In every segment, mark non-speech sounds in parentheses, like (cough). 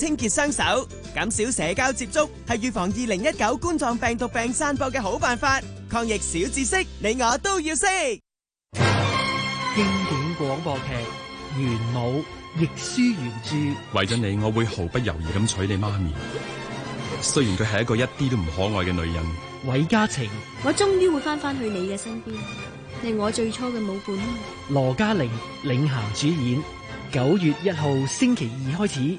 清潔雙手，減少社交接觸，係預防二零一九冠狀病毒病散播嘅好辦法。抗疫小知識，你我都要識。經典廣播劇《玄武》，亦舒原著。為咗你，我會毫不猶豫咁娶你媽咪。 (laughs) 雖然佢係一個一啲都唔可愛嘅女人。韋嘉晴，我終於會翻翻去你嘅身邊，係我最初嘅舞伴。羅嘉玲領銜主演，九月一號星期二開始。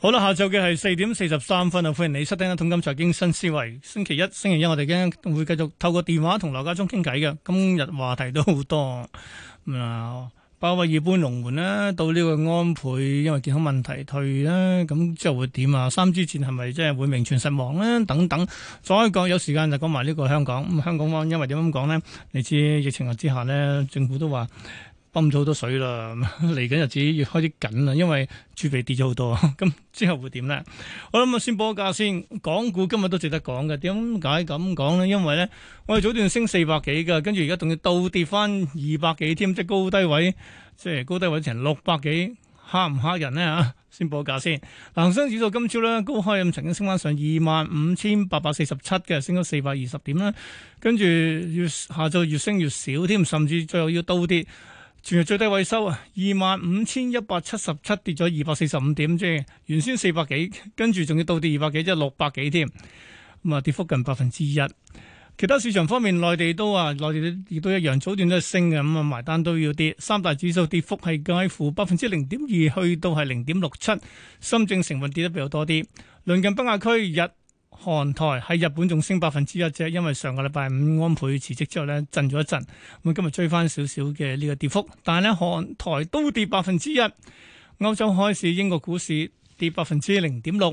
好啦，下晝嘅係四點四十三分啊！歡迎你收聽《通金財經新思維》。星期一、星期一我哋咧會繼續透過電話同羅家聰傾偈嘅。今日話題都好多。咁、嗯、啊，鮑威爾搬龍門啦，到呢個安倍因為健康問題退啦，咁之後會點啊？三支箭係咪即係會名存實亡咧？等等，再講有時間就講埋呢個香港。咁、嗯、香港方因為點樣講呢？嚟自疫情下之下呢，政府都話。冇咗好多水啦，嚟 (laughs) 緊日子越開始緊啦，因為儲備跌咗好多。咁 (laughs) 之後會點咧？我諗啊，先報個價先。港股今日都值得講嘅，點解咁講咧？因為咧，我哋早段升四百幾嘅，跟住而家仲要倒跌翻二百幾添，即係高低位，即係高，高低位成六百幾，吓唔吓人咧？吓，先報個價先。恒生指數今朝咧高開咁，曾經升翻上二萬五千八百四十七嘅，升咗四百二十點啦。跟住越下晝越升越少添，甚至最後要倒跌。全日最低位收啊，二萬五千一百七十七跌咗二百四十五點啫，原先四百幾，跟住仲要倒跌二百幾，即係六百幾添，咁啊跌幅近百分之一。其他市場方面，內地都啊內地亦都一樣，早段都係升嘅，咁啊埋單都要跌。三大指數跌幅係介乎百分之零點二去到係零點六七，深證成分跌得比較多啲。鄰近北亞區日。韓台喺日本仲升百分之一啫，因為上個禮拜五安倍辭職之後咧震咗一陣，咁今日追翻少少嘅呢個跌幅，但係咧韓台都跌百分之一。歐洲開市，英國股市跌百分之零點六，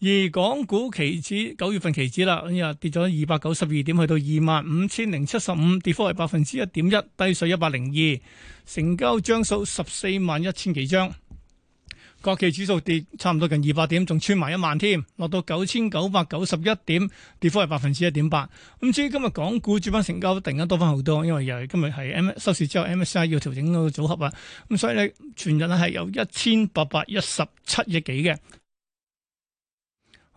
而港股期指九月份期指啦，今日跌咗二百九十二點，去到二萬五千零七十五，跌幅係百分之一點一，低水一百零二，成交張數十四萬一千幾張。國企指數跌差唔多近二百點，仲穿埋一萬添，落到九千九百九十一點，跌幅係百分之一點八。咁至於今日港股主板成交突然間多返好多，因為又係今日係 M 收市之後，MSCI 要調整嗰個組合啊，咁所以咧全日咧係有一千八百一十七億幾嘅。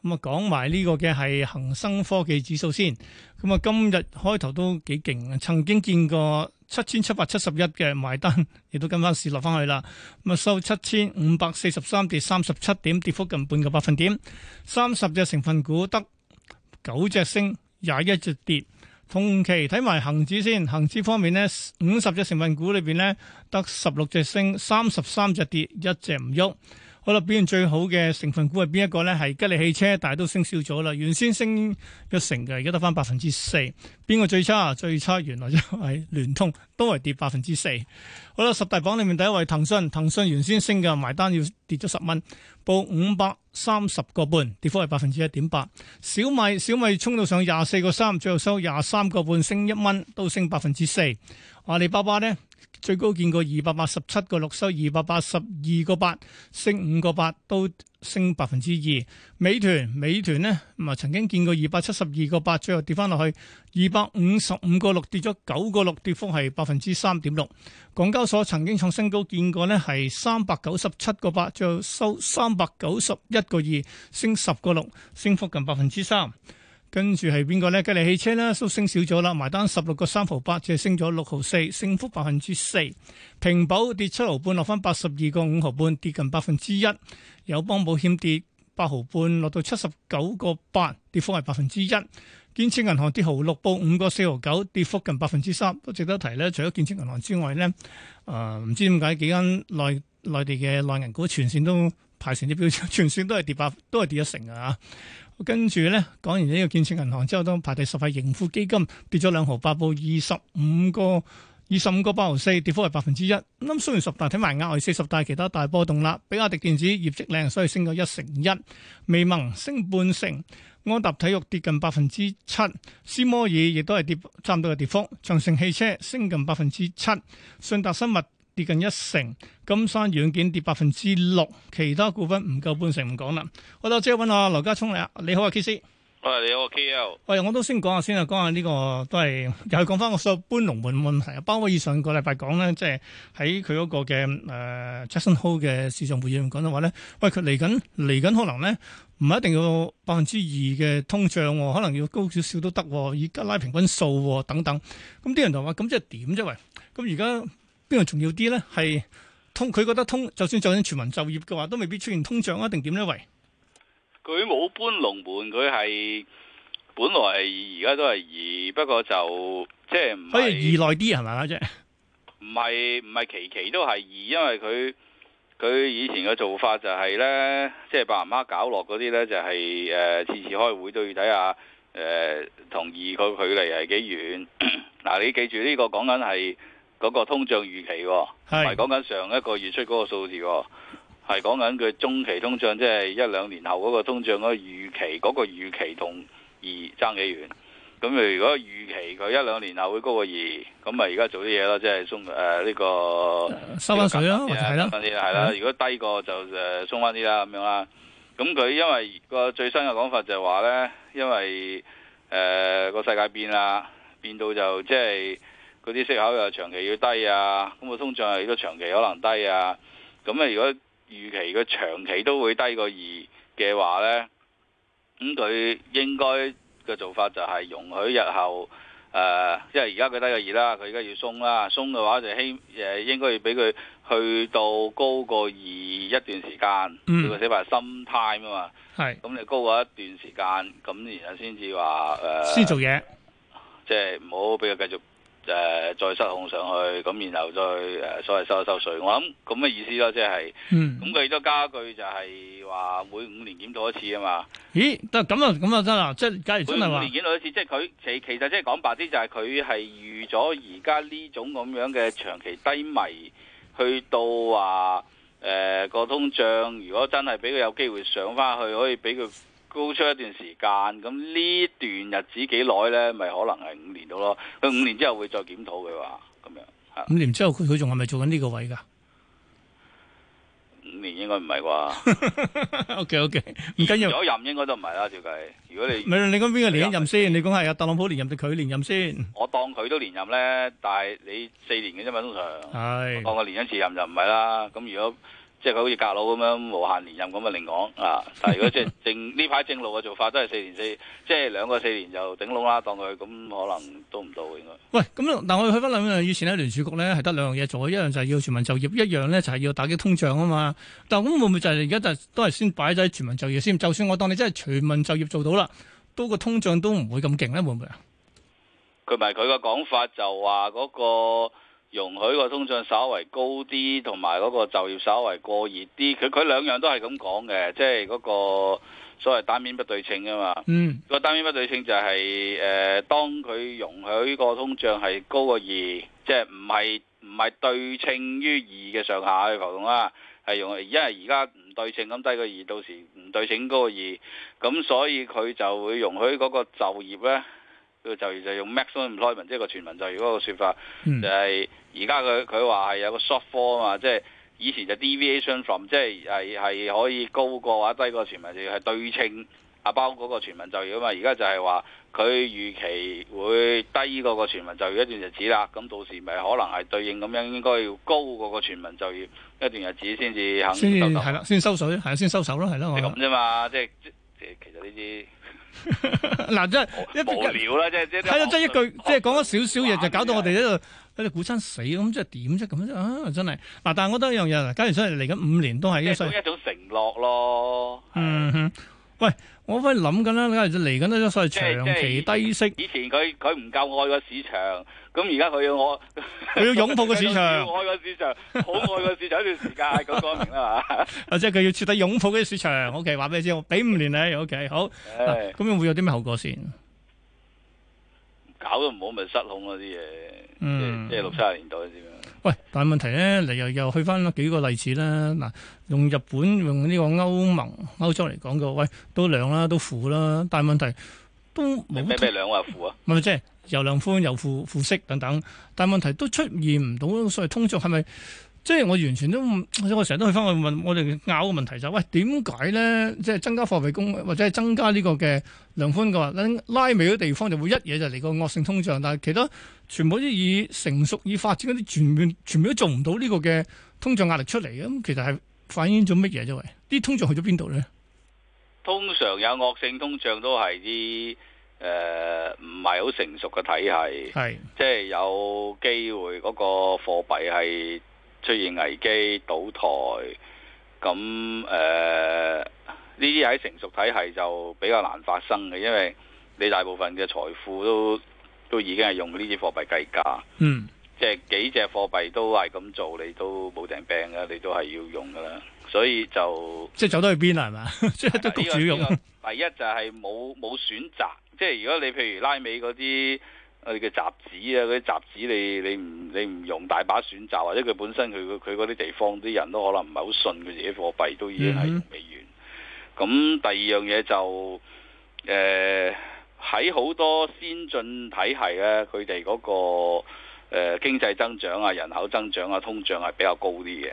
咁啊，講埋呢個嘅係恒生科技指數先。咁啊，今日開頭都幾勁，曾經見過七千七百七十一嘅買單，亦都跟翻市落翻去啦。咁啊，收七千五百四十三，跌三十七點，跌幅近半個百分點。三十隻成分股得九隻升，廿一隻跌。同期睇埋恒指先，恒指方面呢，五十隻成分股裏邊呢，得十六隻升，三十三隻跌，一隻唔喐。好啦，表現最好嘅成分股係邊一個咧？係吉利汽車，但係都升少咗啦。原先升一成嘅，而家得翻百分之四。邊個最差？最差原來因為聯通，都係跌百分之四。好啦，十大榜裡面第一位騰訊，騰訊原先升嘅，埋單要跌咗十蚊，報五百三十個半，跌幅係百分之一點八。小米，小米衝到上廿四個三，最後收廿三個半，升一蚊，都升百分之四。阿里巴巴咧？最高見過二百八十七個六，收二百八十二個八，升五個八，都升百分之二。美團，美團咧，咁啊，曾經見過二百七十二個八，最後跌翻落去二百五十五個六，跌咗九個六，跌幅係百分之三點六。港交所曾經創新高，見過呢係三百九十七個八，8, 最後收三百九十一個二，升十個六，升幅近百分之三。跟住係邊個咧？吉利汽車咧，收升少咗啦，埋單十六個三毫八，只係升咗六毫四，升幅百分之四。平保跌七毫半，落翻八十二個五毫半，跌近百分之一。友邦保險跌八毫半，落到七十九個八，跌幅係百分之一。建設銀行跌毫六，報五個四毫九，跌幅近百分之三。都值得提咧，除咗建設銀行之外咧，誒、呃，唔知點解幾間內內地嘅內銀股全綫都排成只標，全綫都係跌百，都係跌一成嘅吓。跟住咧，講完呢個建設銀行之後，都排第十位盈富基金跌咗兩毫八報，報二十五個二十五個八毫四，跌幅係百分之一。咁、嗯、雖然十大睇埋，額外四十大其他大波動啦。比亞迪電子業績靚，所以升咗一成一。微盟升半成，安踏體育跌近百分之七，斯摩爾亦都係跌差唔多嘅跌幅。長城汽車升近百分之七，信達生物跌近一成，金山軟件跌百分之六，其他股份唔夠半成唔講啦。我姐姐下劉，好啦，啊，即係揾阿劉家聰嚟啊，你好啊，KC，我係你好啊，KL，喂，我都先講下先啊，講下呢個都係又係講翻所有搬龍門嘅問題。鮑威爾上個禮拜講咧，即係喺佢嗰個嘅誒呃、Jackson Hole 嘅市場會議度講嘅話咧，喂，佢嚟緊嚟緊可能咧唔係一定要百分之二嘅通脹，哦，可能要高少少都得，哦，而家拉平均數、哦、等等。咁、嗯、啲人就話咁即係點啫？喂，咁而家。邊個重要啲咧？係通佢覺得通，就算就算全民就業嘅話，都未必出現通脹啊？定點咧？喂，佢冇搬龍門，佢係本來係而家都係二，不過就即係唔可以二耐啲係咪啊？啫，唔係唔係期期都係二，因為佢佢以前嘅做法就係、是、咧，即、就、係、是、白麻搞落嗰啲咧，就係誒次次開會都要睇下誒、呃、同二個距離係幾遠。嗱， (coughs) (coughs) 你記住呢個講緊係。嗰個通脹預期、哦，係講緊上一個月出嗰個數字、哦，係講緊佢中期通脹，即係一兩年後嗰個通脹嗰個預期，嗰個預期同二爭幾遠？咁如果預期佢一兩年後會高過二，咁咪而家做啲嘢咯，即係鬆誒呢個收翻水咯，係啦，係啦，啦。如果低過就誒鬆翻啲啦，咁樣啦。咁佢因為個最新嘅講法就係話咧，因為誒個世界變啦，變到就即係。嗰啲息口又長期要低啊，咁個通脹係都長期可能低啊。咁咧，如果預期佢長期都會低過二嘅話咧，咁佢應該嘅做法就係容許日後誒、呃，因為而家佢低過二啦，佢而家要鬆啦，鬆嘅話就希誒、呃、應該要俾佢去到高過二一段時間，佢做寫埋心 time 啊嘛。係是，咁你高過一段時間，咁然後先至話誒。先、呃、做嘢，即係唔好俾佢繼續。誒、呃、再失控上去，咁然後再誒所謂收一收水，我諗咁嘅意思咯，即係，咁佢都加一句就係、是、話每五年檢討一次啊嘛。咦？得咁啊咁啊得啦，即係假如每五年檢討一次，即係佢其其實即係講白啲就係佢係預咗而家呢種咁樣嘅長期低迷，去到話誒個通脹，如果真係俾佢有機會上翻去，可以俾佢。高出一段時間，咁呢段日子幾耐咧？咪可能係五年度咯。佢五年之後會再檢討佢話咁樣。五年之後佢仲係咪做緊呢個位噶？五年應該唔係啩？O K O K，唔緊要。左任應該都唔係啦，照計。如果你咪你講邊個連任先？你講係阿特朗普連任定佢連任先？我當佢都連任咧，但係你四年嘅啫嘛，通常。係。當佢連一次任就唔係啦。咁如果即係佢好似格佬咁樣無限連任咁樣嚟講啊，但係如果即係正呢排正路嘅做法都係四年四，即係兩個四年就頂籠啦，當佢咁可能都唔到應該。喂，咁但我哋去翻兩樣，以前咧聯儲局咧係得兩樣嘢做，一樣就係要全民就業，一樣咧就係要打擊通脹啊嘛。但係咁會唔會就係而家就係、都係先擺咗喺全民就業先？就算我當你真係全民就業做到啦，都個通脹都唔會咁勁咧，會唔會啊？佢咪佢個講法就話嗰個。容許個通脹稍微高啲，同埋嗰個就業稍微過熱啲，佢佢兩樣都係咁講嘅，即係嗰個所謂單面不對稱啊嘛。個、嗯、單面不對稱就係、是、誒、呃，當佢容許個通脹係高過二，即係唔係唔係對稱於二嘅上下嘅浮動啦，係容許，因為而家唔對稱咁低過二，到時唔對稱高過二，咁所以佢就會容許嗰個就業咧。佢就就用 maximum employment 即係個全民就業嗰個説法，嗯、就係而家佢佢話係有個 shortfall 啊嘛，即係以前就 deviation from，即係係係可以高過或者低過全民就業係對稱啊，包括個全民就業啊嘛，而家就係話佢預期會低過個全民就業一段日子啦，咁到時咪可能係對應咁樣應該要高過個全民就業一段日子行走走先至肯先係啦，先收手，係啊，先收手咯，係咯。係咁啫嘛，即係即係其實呢啲。嗱，即係一無聊啦，即係即係喺度，即係一句，即係講咗少少嘢，就搞到我哋喺度喺度估親死咁，即係點啫咁啫？啊，真係。嗱，但係我覺得一樣嘢，假如真係嚟緊五年都係一種一種承諾咯。嗯哼，喂，我反而諗緊啦，假如嚟緊呢，都係長期低息。以前佢佢唔夠愛個市場。咁而家佢要我佢 (laughs) 要擁抱個市場，好愛個市場，好愛個市場一段時間個光明啦嘛。或者佢要徹底擁抱嗰市場，OK，話俾你知，我俾五年你。OK，好。咁樣、哎啊、會有啲咩後果先？搞得唔好咪失控啊！啲嘢，嗯、即係六七十年代啲咩？喂，但係問題咧，你又又去翻幾個例子啦？嗱，用日本用呢個歐盟歐洲嚟講嘅，喂，都兩啦，都負啦，但係問題都冇咩咩兩啊負啊？咪咪即係。又量寬又負負息等等，但係問題都出現唔到所謂通脹，係咪即係我完全都，我成日都去翻去問我哋拗嘅問題就係、係，喂，點解咧？即係增加貨幣供或者係增加呢個嘅量寬嘅話，拉美嘅地方就會一嘢就嚟個惡性通脹，但係其他全部啲已成熟已發展嗰啲全面全面都做唔到呢個嘅通脹壓力出嚟，咁其實係反映咗乜嘢啫？喂，啲通脹去咗邊度咧？通常有惡性通脹都係啲。誒，唔係好成熟嘅體系，係是即係有機會嗰個貨幣係出現危機倒台，咁誒呢啲喺成熟體系就比較難發生嘅，因為你大部分嘅財富都都已經係用呢啲貨幣計價，嗯，即係幾隻貨幣都係咁做，你都冇定病噶，你都係要用噶啦，所以就即係走到去邊啊？係嘛，即 (laughs) 係都焗住用，第一就係冇冇選擇。即係如果你譬如拉美嗰啲，我嘅雜誌啊，嗰啲雜誌，你你唔你唔用大把選擇，或者佢本身佢佢嗰啲地方啲人都可能唔係好信佢自己貨幣，都已經係用美元。咁第二樣嘢就，誒喺好多先進體系咧，佢哋嗰個誒、呃、經濟增長啊、人口增長啊、通脹係比較高啲嘅。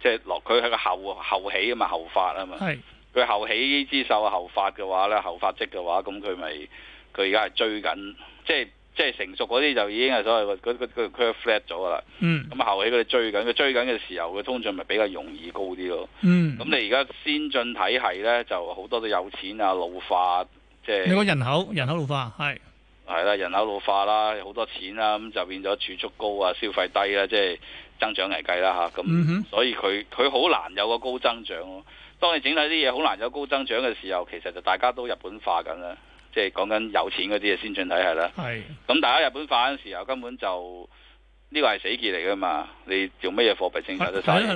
即係落佢係個後後起啊嘛，後發啊嘛。係。佢後起之秀啊，後發嘅話咧，後發即嘅話，咁佢咪佢而家係追緊，即即成熟嗰啲就已經係所謂個嗰 curve flat 咗噶啦。嗯，咁啊後起佢哋追緊，佢追緊嘅時候，佢通脹咪比較容易高啲咯。嗯，咁你而家先進體系咧，就好多都有錢啊，老化即係。你講人口人口老化係係啦，人口老化啦，好多錢啦、啊，咁就變咗儲蓄高啊，消費低啦、啊，即係增長危機啦嚇。咁所以佢佢好難有個高增長咯、啊。當你整體啲嘢好難有高增長嘅時候，其實就大家都日本化緊啦，即係講緊有錢嗰啲嘢先進體系啦。係，咁的、嗯、大家日本化嗰陣時候，根本就呢、這個係死結嚟噶嘛。你做咩嘢貨幣政策都曬，日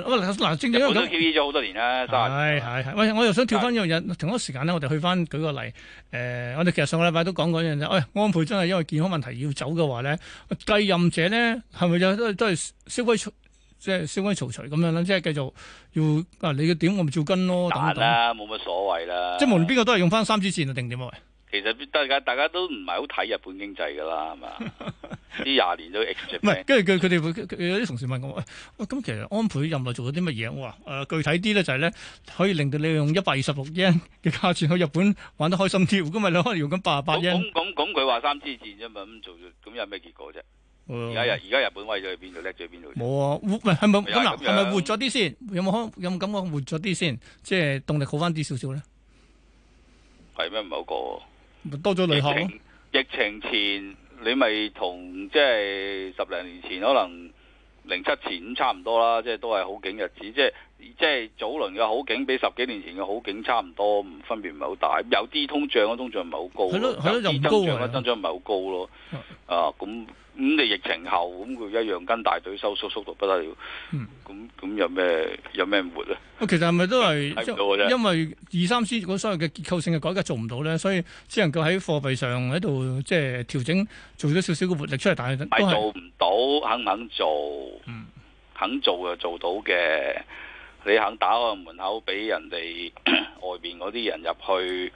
本都 QE 咗好多年啦。係係，喂，我又想跳翻一樣嘢。的同一時間咧，我哋去翻舉個例。誒、呃，我哋其實上個禮拜都講過一樣嘢。喂、哎，安倍真係因為健康問題要走嘅話咧，繼任者咧係咪就都都係消費即係稍微消除咁樣啦即係繼續要啊，你嘅點我咪照跟咯，等等啦，冇乜所謂啦。即係無論邊個都係用翻三支箭啊，定點其實大家大家都唔係好睇日本經濟噶啦，係嘛？呢廿年都唔係。跟住佢哋哋有啲同事問我：喂、哎，咁、啊、其實安倍任咪做咗啲乜嘢？我話：誒、呃，具體啲咧就係、是、咧，可以令到你用一百二十六 y e 嘅價錢去日本玩得開心啲。如果唔係你可能用緊八啊八 y e 咁，咁佢話三支箭啫嘛，咁做咗咁有咩結果啫？而家日而家日本威咗去邊度叻咗去邊度？冇啊，活唔係係咪咁嗱？係咪活咗啲先？有冇有冇感覺活咗啲先？即係動力好翻啲少少咧？係咩唔係好過？過多咗旅行。疫情前你咪同即係十零年前，可能零七前差唔多啦。即係都係好景日子，即係即係早輪嘅好景，比十幾年前嘅好景差唔多，唔分別唔係好大。有啲通脹，通脹唔係好高。係咯係咯，咁高嘅啊？增長唔係好高咯。啊咁。咁你疫情後咁佢一樣跟大隊收縮速度不得了，咁咁有咩有咩活咧？其實係咪都係 (laughs) 因為二三 C 嗰所謂嘅結構性嘅改革做唔到咧，所以只能夠喺貨幣上喺度即係調整做咗少少嘅活力出嚟，但係都、嗯、做唔到，肯唔肯做？肯做就做到嘅，你肯打開門口俾人哋 (coughs) 外邊嗰啲人入去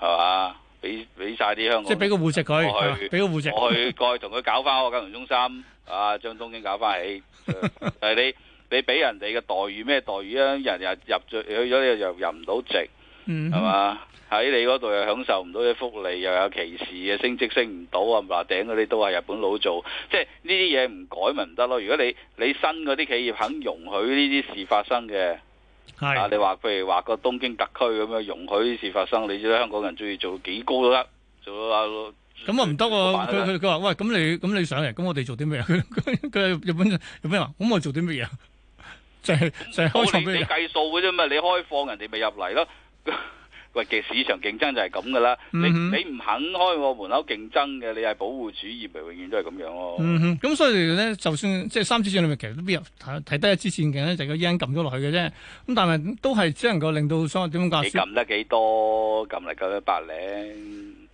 係嘛？俾俾曬啲香港人，即係俾個戶籍佢，俾個戶籍，我去、啊、過去同佢搞翻個金融中心，啊，將東京搞翻起。但 (laughs) 你你俾人哋嘅待遇咩待遇啊？人又入咗去咗，又入唔到籍，係嘛？喺、嗯、哼你嗰度又享受唔到啲福利，又有歧視，又升職升唔到啊！嗱，頂嗰啲都係日本佬做，即係呢啲嘢唔改咪唔得咯。如果你你新嗰啲企業肯容許呢啲事發生嘅。係啊！ (noise) uh, 你話譬如話個東京特區咁樣容許呢事發生，你知啦，香港人中意做幾高都得，做到阿咁啊唔得喎！佢佢佢話喂，咁你咁你上嚟，咁我哋做啲咩啊？佢佢係日本人，有咩話，咁我做啲咩嘢啊？就係就係開放俾你你計數嘅啫嘛，你開放人哋咪入嚟咯。喂，嘅市場競爭就係咁噶啦，你你唔肯開個門口競爭嘅，你係保護主義咪永遠都係咁樣咯。咁、嗯嗯、所以咧，就算即係三支線裏面，其實都邊有睇睇低一支線嘅咧，就個 yen 撳咗落去嘅啫。咁但係都係只能夠令到所想點講？你撳得幾多撳嚟嘅百零？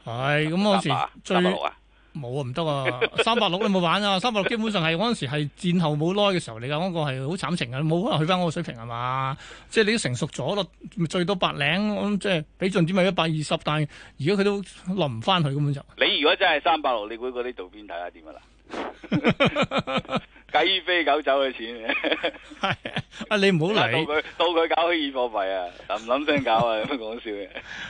係咁，我先三百六啊！冇啊，唔得啊！三百六你冇玩啊？三百六基本上係嗰陣時係戰後冇耐嘅時候嚟噶，嗰、嗰個係好慘情嘅，冇可能去翻嗰個水平係嘛？即係你都成熟咗咯，最多百零，我諗即係比盡點係一百二十，但係而家佢都落唔翻去根本就。你如果真係三百六，你估嗰啲做邊睇下點啊？雞飛狗走嘅錢，啊你唔好嚟，到佢，到佢搞虛擬貨幣啊，諗諗先搞啊，咁樣講笑嘅。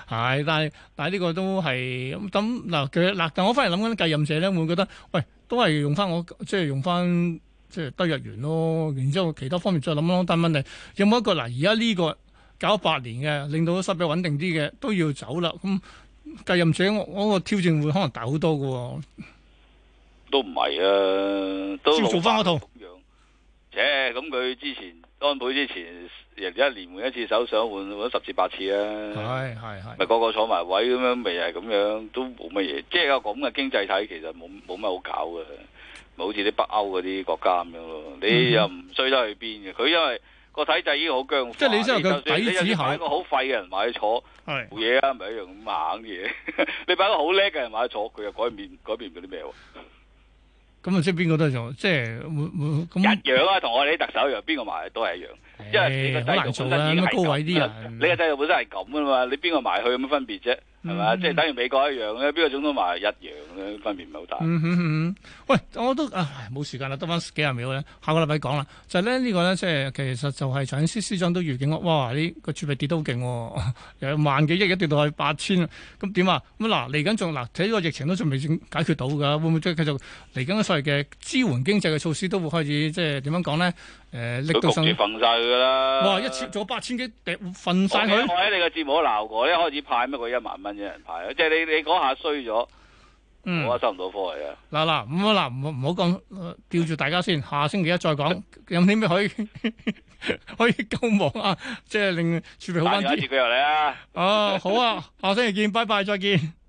係， (laughs) 但係但係呢個都係咁，嗱佢嗱，但我反而諗緊繼任者咧，想想會覺得，喂，都係用翻我，即係用翻，即係得日元咯，然之後其他方面再諗諗，但問題有冇一個嗱，而家呢個搞咗八年嘅，令到個失業穩定啲嘅，都要走啦，咁繼任者我個挑戰會可能大好多嘅。都唔係啊，都做翻嗰套。咁樣，咁佢之前安倍之前，人哋一年換一次首相，換換十次八次啊。係係係。咪個個坐埋位咁樣，咪係咁樣，都冇乜嘢。即係有咁嘅經濟體，其實冇冇乜好搞嘅，冇好似啲北歐嗰啲國家咁樣咯。你又唔衰得去邊嘅。佢因為個體制已經好僵化。嗯、即係你真係個底子係一個好廢嘅人買咗坐，係做嘢啊，咪一樣咁猛嘅嘢。你擺個好叻嘅人買咗坐，佢又改變改變唔到啲咩喎。咁啊、嗯，即係邊個都做，即係會會咁一樣啊，同我哋啲特首一樣，邊個埋去都係一樣，欸、因為好、欸、難做啦、啊，高位啲啊，你個制度本身係咁啊嘛，你邊個埋去有乜分別啫？係嘛，即係、 (music) 就是、等於美國一樣咧，邊個總統話一,一樣咧，分別唔係好大。 (music) 喂，我都啊冇時間啦，得翻幾廿秒咧。下個禮拜講啦，就咧、是、呢個咧，即係其實就係財政司司長都預警我，哇！呢、這個儲備跌都好勁，有 (laughs) 萬幾億一跌到去八千，咁點啊？咁嗱嚟緊仲嗱，睇呢個疫情都仲未解決到噶，會唔會繼續嚟緊所謂嘅支援經濟嘅措施都會開始即係點樣講咧？誒、呃，力度佢焗住瞓晒佢啦！哇，一千做八千幾，跌瞓晒佢。我喺你個節目鬧過，一開始派乜㗎？一萬蚊一人派，即係你你嗰下衰咗，嗯、我收唔到貨嚟啊！嗱嗱，咁啊嗱，唔好唔好咁吊住大家先，下星期一再講， (laughs) 有啲咩可以 (laughs) 可以救亡啊？即係令儲備好翻啲。帶個字句入嚟啊！哦，好啊，下星期見，拜拜，再見。 (laughs)